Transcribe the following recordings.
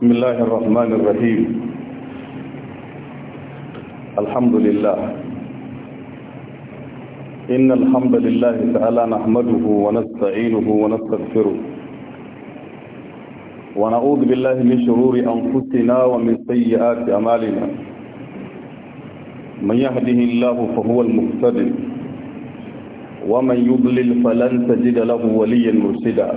بسم الله الرحمن الرحيم الحمد لله إن الحمد لله تعالى نحمده ونستعينه ونستغفره ونعوذ بالله من شرور أنفسنا ومن سيئات أمالنا من يهده الله فهو المقتدر ومن يضلل فلن تجد له وليا مرشدا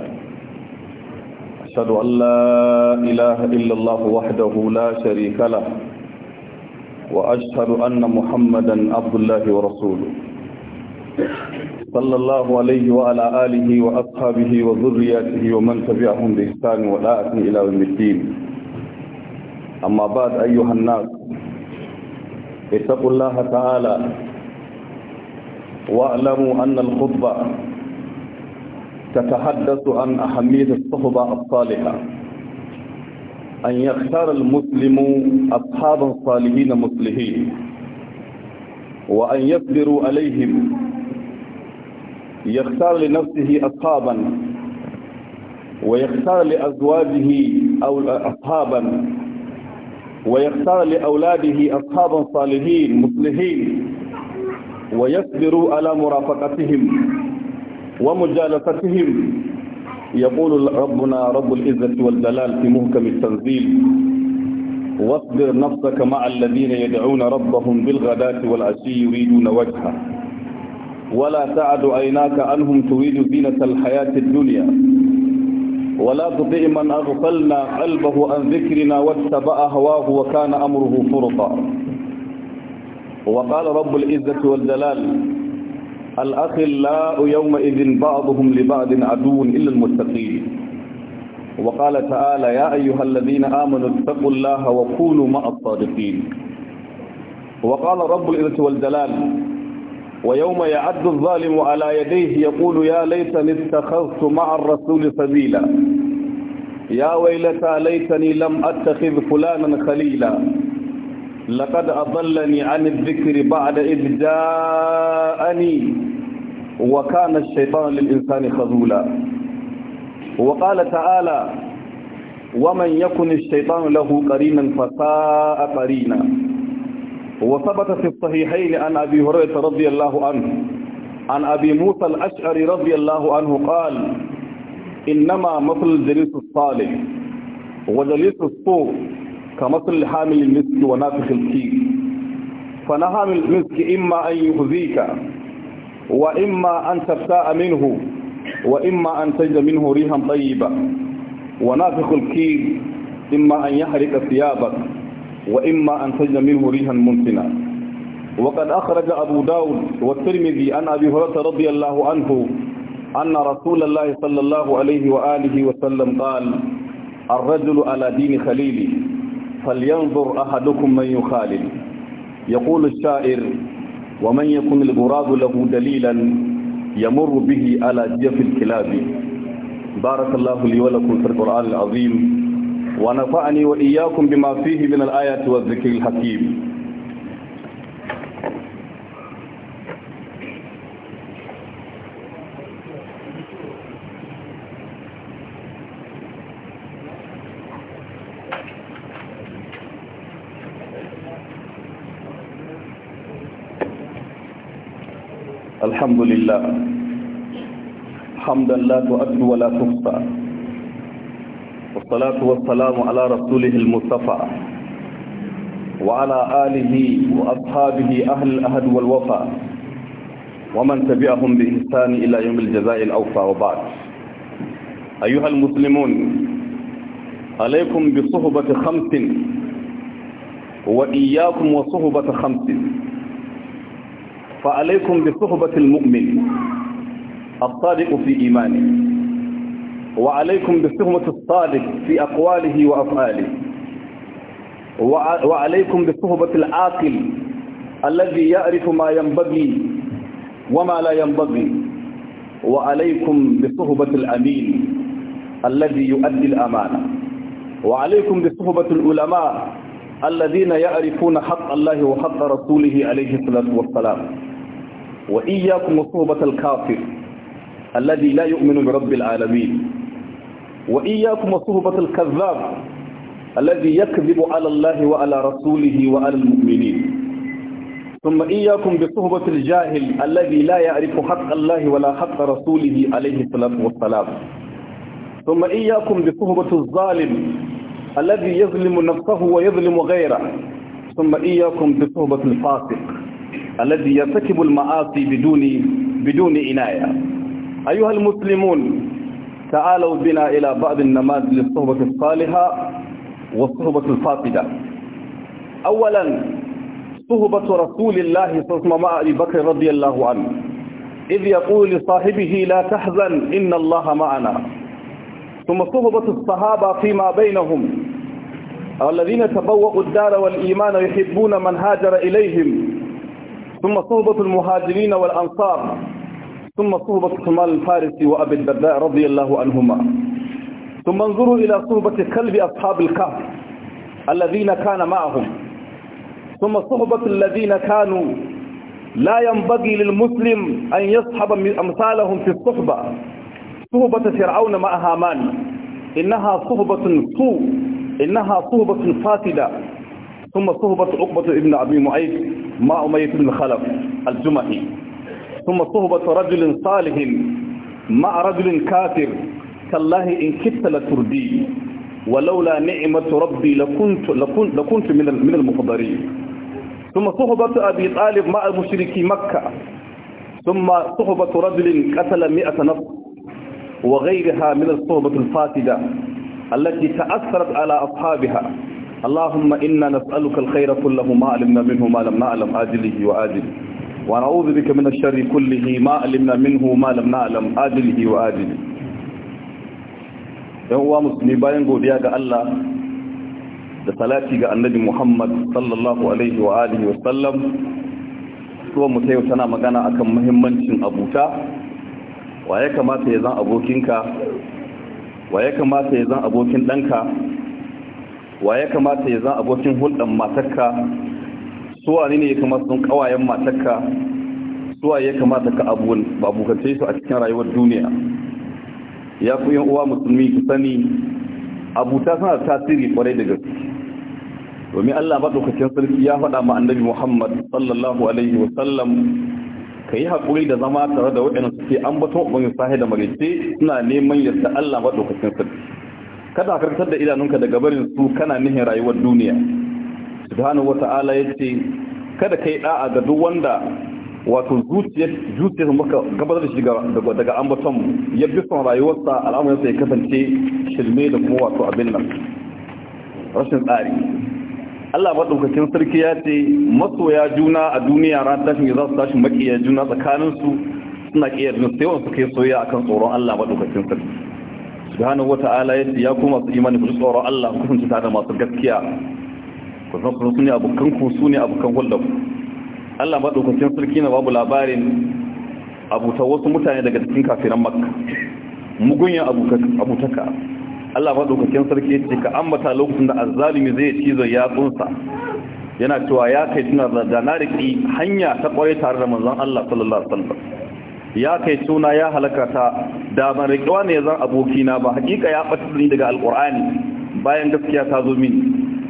أشهد أن لا إله إلا الله وحده لا شريك له وأشهد أن محمدا عبد الله ورسوله صلى الله عليه وعلى آله وأصحابه وذرياته ومن تبعهم بإحسان ولا أثني إلى يوم الدين أما بعد أيها الناس اتقوا الله تعالى واعلموا أن الخطبة تتحدث عن أهمية الصحبة الصالحة أن يختار المسلم أصحابا صالحين مصلحين وأن يصبر عليهم يختار لنفسه أصحابا ويختار لأزواجه أو أصحابا ويختار لأولاده أصحابا صالحين مصلحين ويصبر على مرافقتهم ومجالستهم يقول ربنا رب العزة والجلال في مهكم التنزيل واصبر نفسك مع الذين يدعون ربهم بالغداة والعشي يريدون وجهه ولا تعد عيناك عنهم تريد زينة الحياة الدنيا ولا تطع من أغفلنا قلبه عن ذكرنا واتبع هواه وكان أمره فرطا وقال رب العزة والجلال الأخلاء يومئذ بعضهم لبعض عدو إلا المتقين وقال تعالى يا أيها الذين آمنوا اتقوا الله وكونوا مع الصادقين وقال رب العزة والجلال ويوم يعد الظالم على يديه يقول يا ليتني اتخذت مع الرسول سبيلا يا ويلتى ليتني لم أتخذ فلانا خليلا لقد أضلني عن الذكر بعد إذ جاءني وكان الشيطان للإنسان خذولا وقال تعالى ومن يكن الشيطان له قرينا فساء قرينا وثبت في الصحيحين عن أبي هريرة رضي الله عنه عن أبي موسى الأشعري رضي الله عنه قال إنما مثل الجليس الصالح وجليس الصوف كمثل حامل المسك ونافخ فنهى من المسك إما أن يؤذيك وإما أن تفتاء منه وإما أن تجد منه ريحا طيبة ونافخ الكيل إما أن يحرق ثيابك وإما أن تجد منه ريحا منتنا وقد أخرج أبو داود والترمذي عن أبي هريرة رضي الله عنه أن رسول الله صلى الله عليه وآله وسلم قال الرجل على دين خليلي فلينظر أحدكم من يخالل يقول الشاعر ومن يكن الغراب له دليلا يمر به على جف الكلاب بارك الله لي ولكم في القرآن العظيم ونفعني وإياكم بما فيه من الآيات والذكر الحكيم الحمد لله حمدا لا تؤد ولا تحصى والصلاة والسلام على رسوله المصطفى وعلى آله وأصحابه أهل الأهد والوفاء ومن تبعهم بإحسان إلى يوم الجزاء الأوفى وبعد أيها المسلمون عليكم بصحبة خمس وإياكم وصحبة خمس فعليكم بصحبة المؤمن الصادق في إيمانه وعليكم بصحبة الصادق في أقواله وأفعاله وعليكم بصحبة العاقل الذي يعرف ما ينبغي وما لا ينبغي وعليكم بصحبة الأمين الذي يؤدي الأمانة وعليكم بصحبة العلماء الذين يعرفون حق الله وحق رسوله عليه الصلاة والسلام وإياكم وصحبة الكافر الذي لا يؤمن برب العالمين وإياكم وصحبة الكذاب الذي يكذب على الله وعلى رسوله وعلى المؤمنين ثم إياكم بصحبة الجاهل الذي لا يعرف حق الله ولا حق رسوله عليه الصلاة والسلام ثم إياكم بصحبة الظالم الذي يظلم نفسه ويظلم غيره ثم إياكم بصحبة الفاسق الذي يرتكب المعاصي بدون بدون عناية أيها المسلمون تعالوا بنا إلى بعض النماذج للصحبة الصالحة والصحبة الفاقدة أولا صحبة رسول الله صلى الله عليه وسلم مع أبي بكر رضي الله عنه إذ يقول لصاحبه لا تحزن إن الله معنا ثم صحبة الصحابة فيما بينهم الذين تبوأوا الدار والإيمان يحبون من هاجر إليهم ثم صحبة المهاجرين والأنصار ثم صحبة سلمان الفارسي وأبي الدرداء رضي الله عنهما ثم انظروا إلى صحبة كلب أصحاب الكهف الذين كان معهم ثم صحبة الذين كانوا لا ينبغي للمسلم أن يصحب أمثالهم في الصحبة صحبة فرعون مع هامان إنها صحبة سوء إنها صحبة فاسدة ثم صحبة عقبة ابن أبي معيط مع أمية بن خلف الجمحي ثم صحبة رجل صالح مع رجل كافر كالله إن كت لتردي ولولا نعمة ربي لكنت, لكنت, لكنت من من المخضرين ثم صحبة أبي طالب مع مشركي مكة ثم صحبة رجل قتل مئة نفس وغيرها من الصحبة الفاسدة التي تأثرت على أصحابها اللهم إنا نسألك الخير كله ما علمنا منه ما لم نعلم آجله وآجله ونعوذ بك من الشر كله ما علمنا منه ما لم نعلم آجله وآجله يهوى مسلمي باين قوديا الله da salati ga annabi Muhammad sallallahu alaihi wa alihi wasallam kuma mu tayo tana magana akan muhimmancin abuta wa ya kamata ya kamata ya zan abokin ɗanka? wa ya kamata ya zan abokin hulɗar matakka suwa ne ya kamata sun ƙawayen matakka suwa ya kamata ka abuwan babukance su a cikin rayuwar duniya ya fi yan uwa musulmi ku sani abuta suna tasiri kwarai da gaske domin Allah maɗaukacin sarki ya faɗa ma annabi Muhammad sallallahu alaihi wa ka yi haƙuri da zama tare da waɗanda suke ambaton ɓangin sahi da marice suna neman yadda Allah maɗaukacin sarki kada aka da idanunka daga barin su kana nihin rayuwar duniya subhanahu wata'ala yace kada kai da'a ga duk wanda wato zuciyar zuciyar ka gabatar da shi daga ambaton ya bi son rayuwarsa al'amuransa ya kasance shirme da kuma wato abin nan rashin tsari Allah maɗaukakin sarki ya ce masoya juna a duniya ran tashin za su tashi maƙiya juna tsakaninsu suna kiyar juna sai wani suka yi soyayya akan tsoron Allah maɗaukakin sarki subhanahu wata'ala yace ya kuma su imani ku tsoro Allah ku kunta tare masu gaskiya ku san ku ne abukan ku su ne abukan hulɗa ku Allah madaukakin sarki na babu labarin abuta wasu mutane daga cikin kafiran Makka mugunyan abutaka Allah madaukakin sarki yace ka ambata lokacin da azzalimi zai cizo ya tsunsa yana cewa ya kai tuna da na hanya ta kwaye tare da manzon Allah sallallahu alaihi wasallam ya kai suna ya halaka ta da ban riƙewa ne zan abokina ba hakika ya ɓata ni daga alƙur'ani bayan gaskiya ta zo mini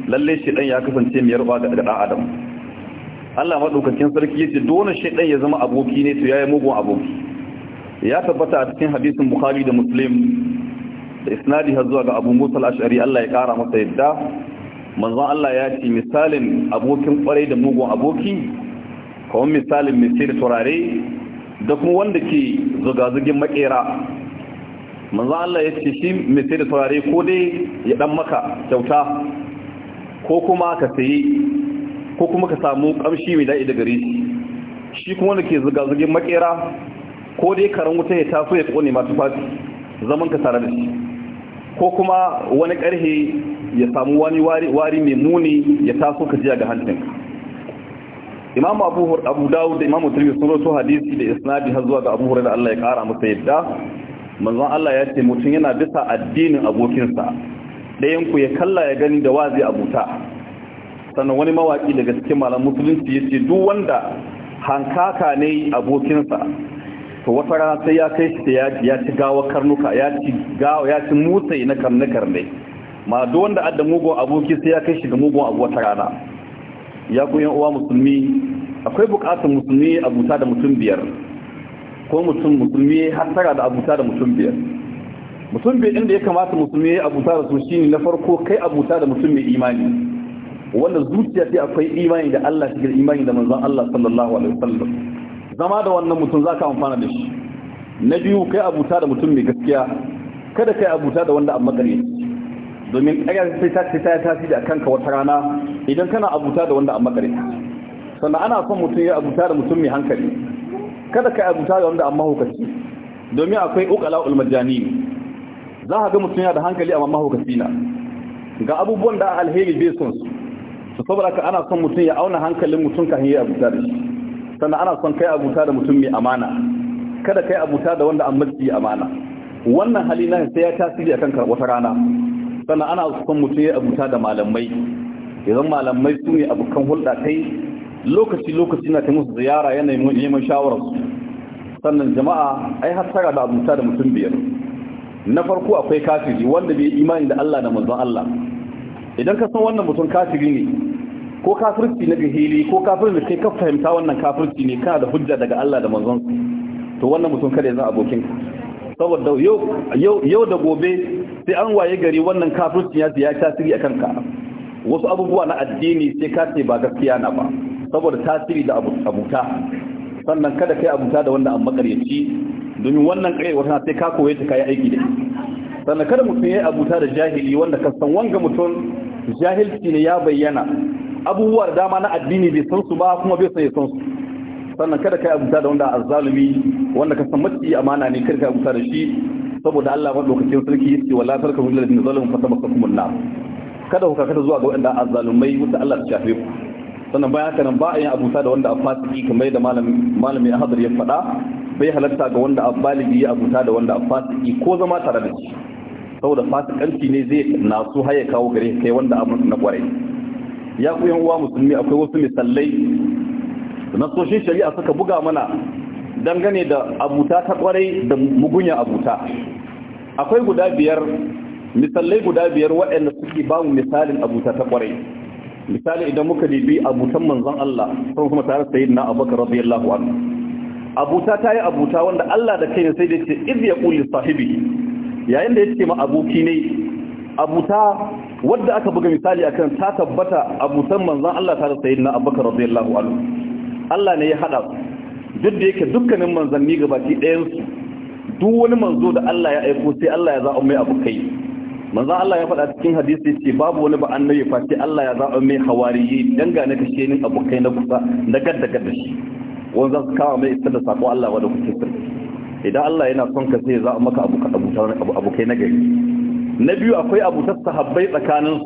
lalle shaidan ya kasance mai yarba ga ɗan adam Allah madaukakin sarki yace dole shaidan ya zama aboki ne to yayi mugun aboki ya tabbata a cikin hadisin Bukhari da Muslim da isnadi har zuwa ga Abu Musa al-Ash'ari Allah ya kara masa yadda manzon Allah ya ce misalin abokin kwarai da mugun aboki kamar misalin mai sirri turare da kuma wanda ke zugazugin makera manzo Allah ya ce shi mai sai da turare ko dai ya dan maka kyauta ko kuma ka sayi ko kuma ka samu kamshi mai daɗi daga gare shi shi kuma wanda ke zugazugin makera ko dai karan wuta ya taso ya kone ma tufafi zaman ka tare da shi ko kuma wani karhe ya samu wani wari mai muni ya taso ka jiya ga hantinka imamu abu abu dawud da imamu tirmidhi sun rawaito hadisi da isnadi har zuwa ga abu hurairah Allah ya kara masa yadda manzon Allah ya ce mutum yana bisa addinin abokinsa dayan ku ya kalla ya gani da wazi abuta sannan wani mawaki daga cikin malam musulunci yace duk wanda hankaka ne abokinsa to wata rana sai ya kai shi ya ci gawa karnuka ya ci gawa ya ci mutsai na karne ne ma duk wanda adda mugun aboki sai ya kai shi ga mugun abu wata rana ya kuyan uwa musulmi akwai bukatar musulmi a buta da mutum biyar ko mutum musulmi tara da abuta da mutum biyar mutum biyar inda ya kamata musulmi abuta da su shine na farko kai abuta da mutum mai imani wanda zuciya sai akwai imani da Allah shi imani da manzon Allah sallallahu alaihi wasallam zama da wannan mutum zaka amfana da shi na biyu kai abuta da mutum mai gaskiya kada kai abuta da wanda amma kare domin ƙaryar sai ta ce ta yi tasiri a kanka wata rana idan kana abuta da wanda a makare sannan ana son mutum ya abuta da mutum mai hankali kada ka yi abuta da wanda a mahaukaci, domin akwai ukala ulmajani za ka ga mutum ya da hankali amma mahaukaci na ga abubuwan da alheri bai son su su saboda ka ana son mutum ya auna hankalin mutum ka ya abuta da shi sannan ana son kai abuta da mutum mai amana kada kai abuta da wanda an matsi amana wannan hali na sai ya tasiri akan wata rana sannan ana son mutum ya abuta da malamai idan malamai su ne abokan hulɗa kai lokaci-lokaci na kai musu ziyara yanayin neman shawararsu sannan jama'a ai tara da abuta da mutum biyar na farko akwai kafiri wanda bai imani da Allah da manzon Allah idan ka san wannan mutum kafiri ne ko kafirci na gahili ko kafirci da kai ka fahimta wannan kafirci ne kana da hujja daga Allah da manzon to wannan mutum kada ya zama abokinka saboda yau yau da gobe sai an waye gari wannan kafircin ya ya tasiri a kanka wasu abubuwa na addini sai ka ce ba gaskiya na ba saboda tasiri da abuta sannan kada kai abuta da wanda an makaryaci domin wannan kai wata sai ka koye ta kai aiki da sannan kada mutum ya yi abuta da jahili wanda ka san wanga mutum jahilci ne ya bayyana abubuwa da dama na addini bai san su ba kuma bai san ya san su sannan kada kai abuta da wanda azzalumi wanda ka san mace amana ne kada kai abuta da shi saboda Allah madaukakin sarki yace wala tarkunu lil ladina zalamu fatabaqakum an-nar kada ku kada zuwa ga wanda azzalumai wanda Allah ya shafe ku sannan bayan haka nan ba a yin da wanda a fasiki kamar da malami a ya faɗa bai halatta ga wanda abalibi ya abuta da wanda a fasiki ko zama tare da shi saboda fasikanci ne zai nasu haya kawo gare kai wanda abu na kware ya ku yan uwa musulmi akwai wasu misallai. na nasoshin shari'a suka buga mana dangane da abuta ta kwarai da mugunya abuta akwai guda biyar misalai guda biyar waɗanda suke ba mu misalin abuta ta kwarai misali idan muka dibi abutan manzon Allah sun kuma tare sayyidina Abubakar radiyallahu anhu abuta ta yi abuta wanda Allah da kaina sai da izi iz yaqulu sahibi yayin da yace ma aboki ne abuta wadda aka buga misali akan ta tabbata abutan manzon Allah tare sayyidina Abubakar radiyallahu anhu Allah ne ya hada su duk da yake dukkanin manzanni gabaki ɗayansu duk wani manzo da Allah ya aiko sai Allah ya zaɓa mai abokai manzan Allah ya faɗa cikin hadisi ce babu wani ba annabi fa sai Allah ya zaɓa mai hawariyi dangane ka ni abokai na kusa na gadda gadda shi wanda za su kawo mai isar da sako Allah da kuke sirri idan Allah yana son ka sai ya zaɓa maka abokai na gari na biyu akwai abutar sahabbai tsakanin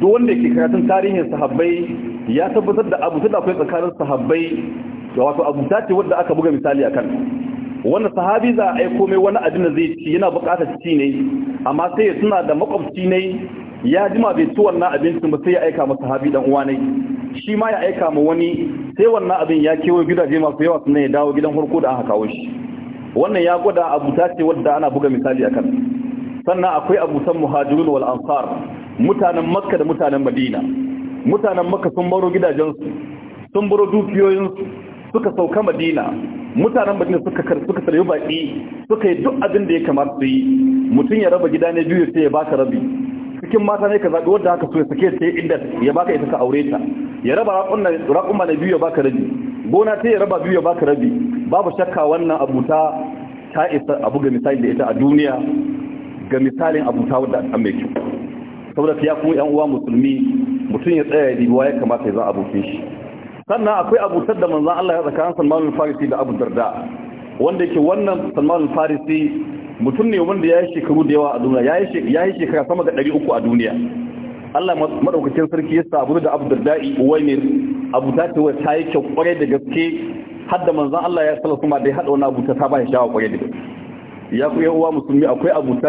duk wanda ke karatun tarihin sahabbai ya tabbatar da abutar da akwai tsakanin sahabbai da wato ta ce wadda aka buga misali akan wannan sahabi za a aiko mai wani abin da zai ci yana bukatar ci ne amma sai ya suna da makwabci ne ya jima bai ci wannan abincin ba sai ya aika masa sahabi dan uwa ne shi ma ya aika ma wani sai wannan abin ya kewo gidaje masu yawa sannan ya dawo gidan farko da aka kawo shi wannan ya gwada abuta ce wadda ana buga misali akan sannan akwai san muhajirun wal ansar mutanen makka da mutanen madina mutanen makka sun baro gidajensu sun baro dukiyoyinsu suka sauka madina mutanen madina suka kar suka saryu baki suka yi duk abin da ya kamata su yi mutum ya raba gida ne biyu sai ya baka rabi cikin mata ne ka zaɓi wadda haka so ya sake ta inda ya baka ita ka aure ta ya raba raƙuma na biyu ya baka rabi gona ta ya raba biyu ya baka rabi babu shakka wannan abuta ta isa abu ga misali da ita a duniya ga misalin abuta wadda an mai kyau saboda ya kuma yan uwa musulmi mutum ya tsaya ya riwa ya kamata ya za abokin shi sannan akwai abutar da manzan Allah ya tsakanin Salman al-Farisi da Abu Darda wanda yake wannan Salman al-Farisi mutum ne wanda ya yi shekaru da yawa a duniya ya yi shekara sama da 300 a duniya Allah maɗaukacin sarki ya sabu da Abu Darda uwai ne Abu ta ce ta yi kyau kwarai da gaske har da manzan Allah ya salasu ma da ya hada wani abu ta ba shi shawa kwarai da gaske ya ku yi uwa musulmi akwai Abu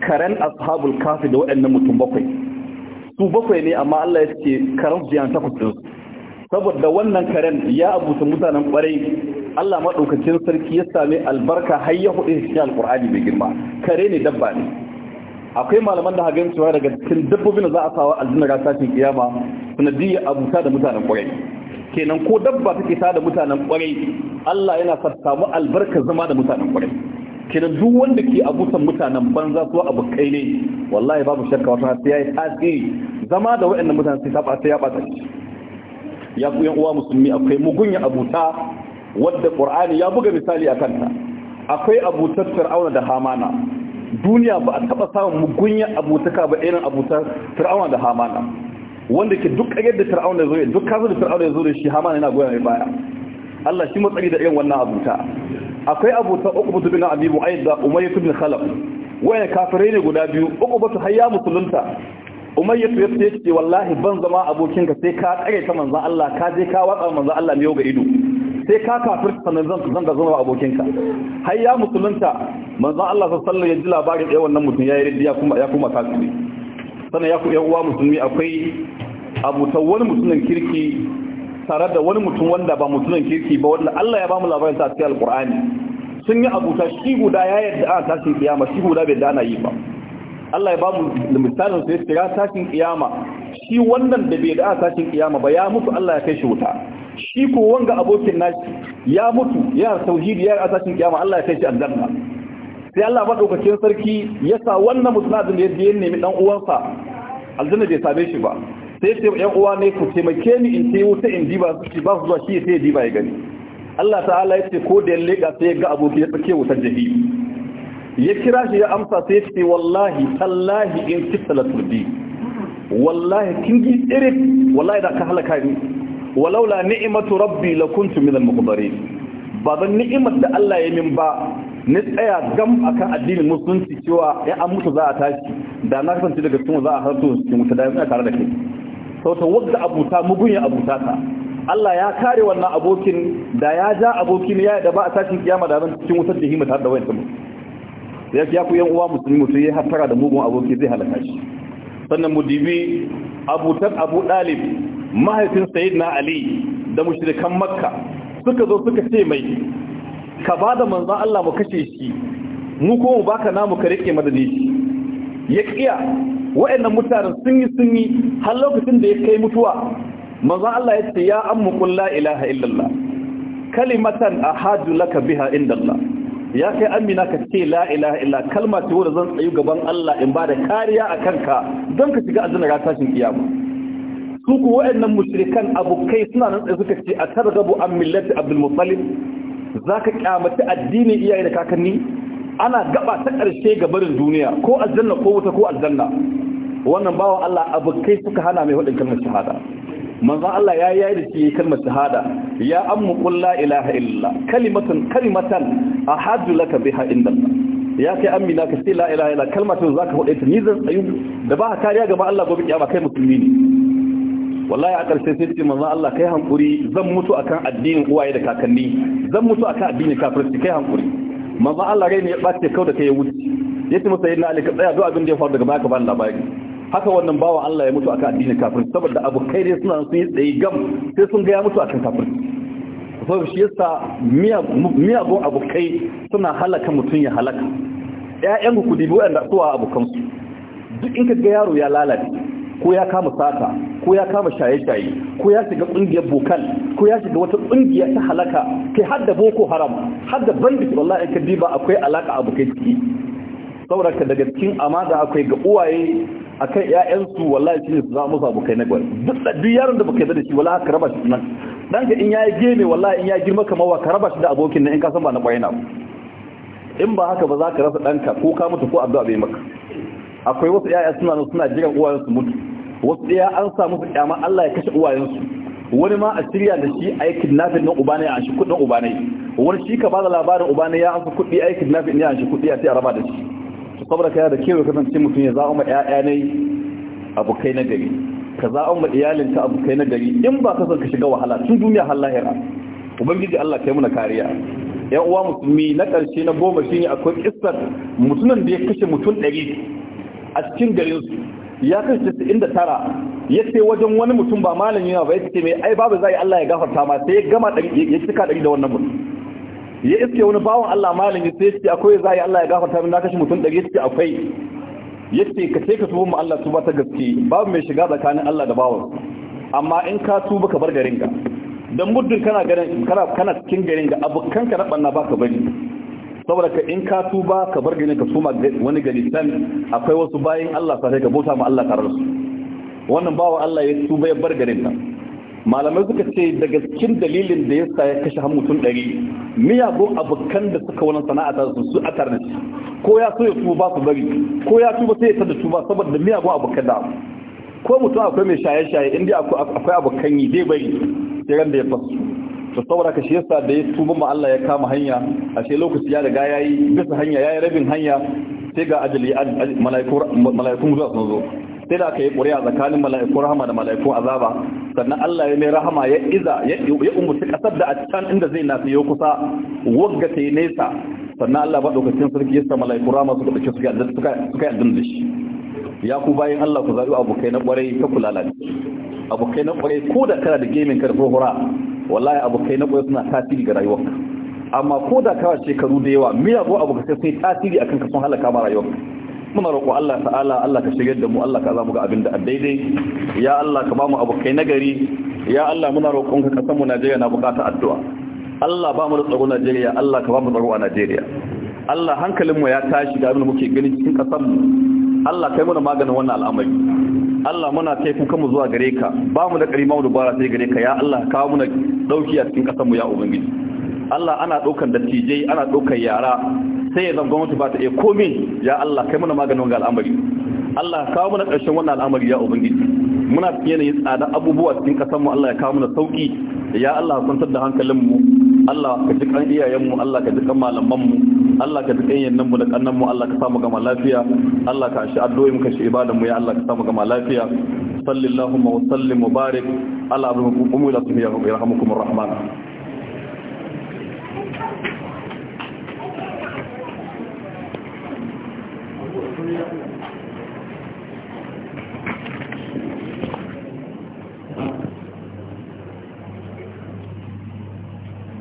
karen ashabul kafi da waɗannan mutum bakwai su bakwai ne amma Allah ya ce karen su jiyan takwas ɗinsu saboda wannan karen ya abuta mutanen kwarai Allah maɗaukacin sarki ya sami albarka har ya hudu shi alƙur'ani mai girma kare ne dabba ne akwai malaman da hagan cewa daga cikin dabbobin da za a sawa aljanna ga sashin kiyama sanadiyyar abuta da mutanen kwarai kenan ko dabba take sa da mutanen kwarai Allah yana sa samu albarka zama da mutanen kwarai kenan duk wanda ke abutan mutanen banza su abokai ne wallahi babu shakka wata sai yi tasiri zama da waɗannan mutanen sai ta ba sai ya ba ta ya ku yan uwa musulmi akwai mugunya abuta wadda qur'ani ya buga misali akan ta akwai abutar fir'auna da hamana duniya ba a taba samun mugunya abutaka ba irin abutar fir'auna da hamana wanda ke duk kage da fir'auna ya zo ya duk kazo da fir'auna ya zo da shi hamana yana goyon mai baya Allah shi matsari da irin wannan abuta akwai abuta uqbatu bin abi mu'ayyid da umayyah bin khalaf wayan kafirai ne guda biyu uqbatu hayya musulunta umayya ya ce ce wallahi ban zama abokinka sai ka tsare ta manzon Allah ka je ka watsa manzon Allah yau ga ido sai ka ta sannan zan zan zama abokinka har ya musulunta manzon Allah sallallahu alaihi wasallam ya ji labarin ɗaya wannan mutum ya yi ya kuma ya kuma kafiri sannan ya ku ƴan uwa musulmi akwai abutan wani mutumin kirki tare da wani mutum wanda ba mutumin kirki ba wanda Allah ya ba mu labarin sa a cikin alqur'ani sun yi abuta shi guda ya yadda a tashin kiyama shi guda bai dana yi ba Allah ya ba mu misalin sai ya tashin kiyama shi wannan da bai da tashin kiyama ba ya mutu Allah ya kai shi wuta shi ko wanga abokin nashi ya mutu ya tauhidi ya tashin kiyama Allah ya kai shi aljanna sai Allah madaukakin sarki ya sa wannan musulmin da ya nemi dan uwansa aljanna bai same shi ba sai ce uwa ne ku taimake ni in ce wuta in ba su ba su zuwa shi sai diba ya gani Allah ta'ala ya ce ko da ya leka sai ya ga aboki ya tsake wutar jahili ya kira shi ya amsa sai ce wallahi tallahi in kisa bi wallahi kin ji tsirit wallahi da ka halaka ni walaula ni'matu rabbi lakuntu min al-muqdarin ba dan ni'imar da Allah ya min ba ni tsaya gam akan addinin musulunci cewa ya an mutu za a tashi da na kasance daga cikin za a harto cikin mutu da ya tare da kai to to wadda abuta mugun ya abuta ka Allah ya kare wannan abokin da ya ja abokin ya da ba a tashi kiyama da ran cikin wutar jahima ta da wayan mutu ya fi yaku yan uwa musulmi mutu ya hattara da mugun aboki zai halaka shi sannan mu dibi abu tan abu dalib mahaifin na ali da mushirikan makka suka zo suka ce mai ka ba da manzan Allah mu kashe shi mu kuma mu baka namu ka rike madadi shi ya kiya wa'annan mutanen sun yi sun yi har lokacin da ya kai mutuwa manzan Allah ya ce ya an mu kulla ilaha illallah kalimatan ahadu laka biha indallah ya kai amina ka ce la ilaha illa kalma ce da zan tsayu gaban Allah in ba da kariya a kanka don ka shiga aljanna ga tashin kiyama su ku wa'annan mushrikan abokai suna nan tsaye suka ce a targabu an millati abdul muttalib zaka kyamaci addinin iyaye da kakanni ana gaba ta karshe ga barin duniya ko aljanna ko wuta ko aljanna wannan bawa Allah abokai suka hana mai hudin kalmar shahada manzo Allah ya yi da shi kalmar shahada ya ammu qul la ilaha illa kalimatan kalimatan ahadu laka biha inda ya kai amina ka ce la ilaha illa kalmatan zaka hude ta ni zan tsayu da ba kariya gaba Allah gobe kiyama kai musulmi ne wallahi a ƙarshe sai ce manzo Allah kai hankuri zan mutu akan addinin uwaye da kakanni zan mutu akan addinin kafirci kai hankuri manzo Allah rai ne ya bace kau da kai ya wuce yace masa yana alika tsaya duk abin da ya faru daga baya ka ba labari haka wannan bawa Allah ya mutu akan addinin kafirci saboda abokai ne suna sun yi tsaye gam sai sun ga ya mutu akan kafin, saboda shi yasa miyagun abokai suna halaka mutum ya halaka ƴaƴan ku dibi waɗanda suwa abokansu duk in ka ga yaro ya lalace ko ya kama sata ko ya kama shaye-shaye ko ya shiga ƙungiyar bokal ko ya shiga wata ƙungiya ta halaka kai har da boko haram har da bandit wallahi in ka diba akwai alaka abokai ciki saboda daga cikin amada akwai ga uwaye akan ƴaƴansu wallahi shi ne su zama musu abokai na gwari duk duk yaron da baka yarda da shi wallahi ka raba shi nan ka in yayi gene wallahi in ya girma kamar wa ka raba shi da abokin nan in ka san ba na gwari na in ba haka ba za ka rasa danka ko ka mutu ko addu'a bai maka akwai wasu ƴaƴa suna nan suna jiran uwayen su mutu wasu ɗaya an sa musu ƙyama Allah ya kashe uwayen su wani ma a shirya da shi a yi kidnapping ɗin ubanai a shi kuɗin ubanai wani shi ka ba da labarin ubanai ya an su kuɗi a yi kidnafin ne a shi kuɗi a sai a raba da shi saboda kai da kewa kasance mutum ya za'a ma ƴaƴa ne abokai na gari ka za'a ma iyalinka abokai na gari in ba ka son ka shiga wahala tun duniya har lahira ubangiji Allah kai muna kariya yan uwa musulmi na ƙarshe na goma shine akwai kissar mutumin da ya kashe mutum ɗari a cikin garin su ya kashe casa'in inda tara ya ce wajen wani mutum ba malami ba ya ce mai ai babu zai Allah ya gafarta ma sai ya gama ya cika ɗari da wannan mutum ya iske wani bawan Allah ya sai shi akwai zai Allah ya gafarta min na kashi mutum dage yace akwai yace ka sai ka tuba mu Allah tuba ta gaske babu mai shiga tsakanin Allah da bawan amma in ka tuba ka bar garin ka dan muddin kana garin kana kana cikin garin ga abukan ka ba ka bari saboda ka in ka tuba ka bar garin ka suma wani gari san akwai wasu bayin Allah sai ka bauta ma Allah tare da su wannan bawan Allah ya tuba ya bar garin ka malamai suka ce daga cikin dalilin da ya sa ya kashe har mutum ɗari miyagun abokan da suka wani sana'a ta su su a tare shi ko ya so ya tuba ba su bari ko ya tuba sai ya tada tuba saboda miyagun abokan da ko mutum akwai mai shaye-shaye inda akwai abokan yi zai bari sai ran da ya fasu to saboda ka shi yasa da ya tuba ma Allah ya kama hanya shi lokaci ya riga yayi bisa hanya yayi rabin hanya sai ga ajali malaikun zuwa sun zo sai da aka yi ƙuri'a tsakanin mala'ikun rahama da mala'ikun azaba sannan Allah ya mai rahama ya iza ya umurci kasar da a can inda zai na yau kusa wagga ta yi nesa sannan Allah ba dokacin sarki ya mala'iku rama suka dauke suka yadda suka suka yadda da shi ya ku bayan Allah ku zaɓi abokai na ƙwarai ta kula lalace abokai na ƙwarai ko da kana da gemin ka da hohora wallahi abokai na ƙwarai suna tasiri ga rayuwarka amma ko da kawai shekaru da yawa miyagun abokai sai tasiri akan ka sun halaka ma rayuwarka muna roƙo Allah ta'ala Allah ka shigar da mu Allah ka zamu ga abin da daidai ya Allah ka ba mu abokai nagari ya Allah muna roƙon ka kasan mu Najeriya na bukata addu'a Allah ba mu da tsaro Najeriya Allah ka ba mu tsaro a Najeriya Allah hankalin mu ya tashi da abin muke gani cikin kasan mu Allah kai muna maganin wannan al'amari Allah muna kai kuka mu zuwa gare ka ba mu da karima mu dubara sai gare ka ya Allah ka kawo mu dauki a cikin kasan mu ya ubangiji Allah ana ɗaukan dattijai ana ɗaukan yara sai ya zan gwamnati ba ta iya komi ya Allah kai muna maganin ga al'amari Allah kawo mana ƙarshen wannan al'amari ya ubangiji muna cikin yanayin tsada abubuwa cikin ƙasar mu Allah ya kawo mana sauki ya Allah kwantar da hankalin mu Allah ka ji kan iyayen mu Allah ka ji kan malaman mu Allah ka ji kan yannan mu da kannan mu Allah ka samu gama lafiya Allah ka shi addu'o'in ka shi ibadan mu ya Allah ka samu gama lafiya sallallahu wa sallim wa barik ala abdul mu'min ya rahmukum rahman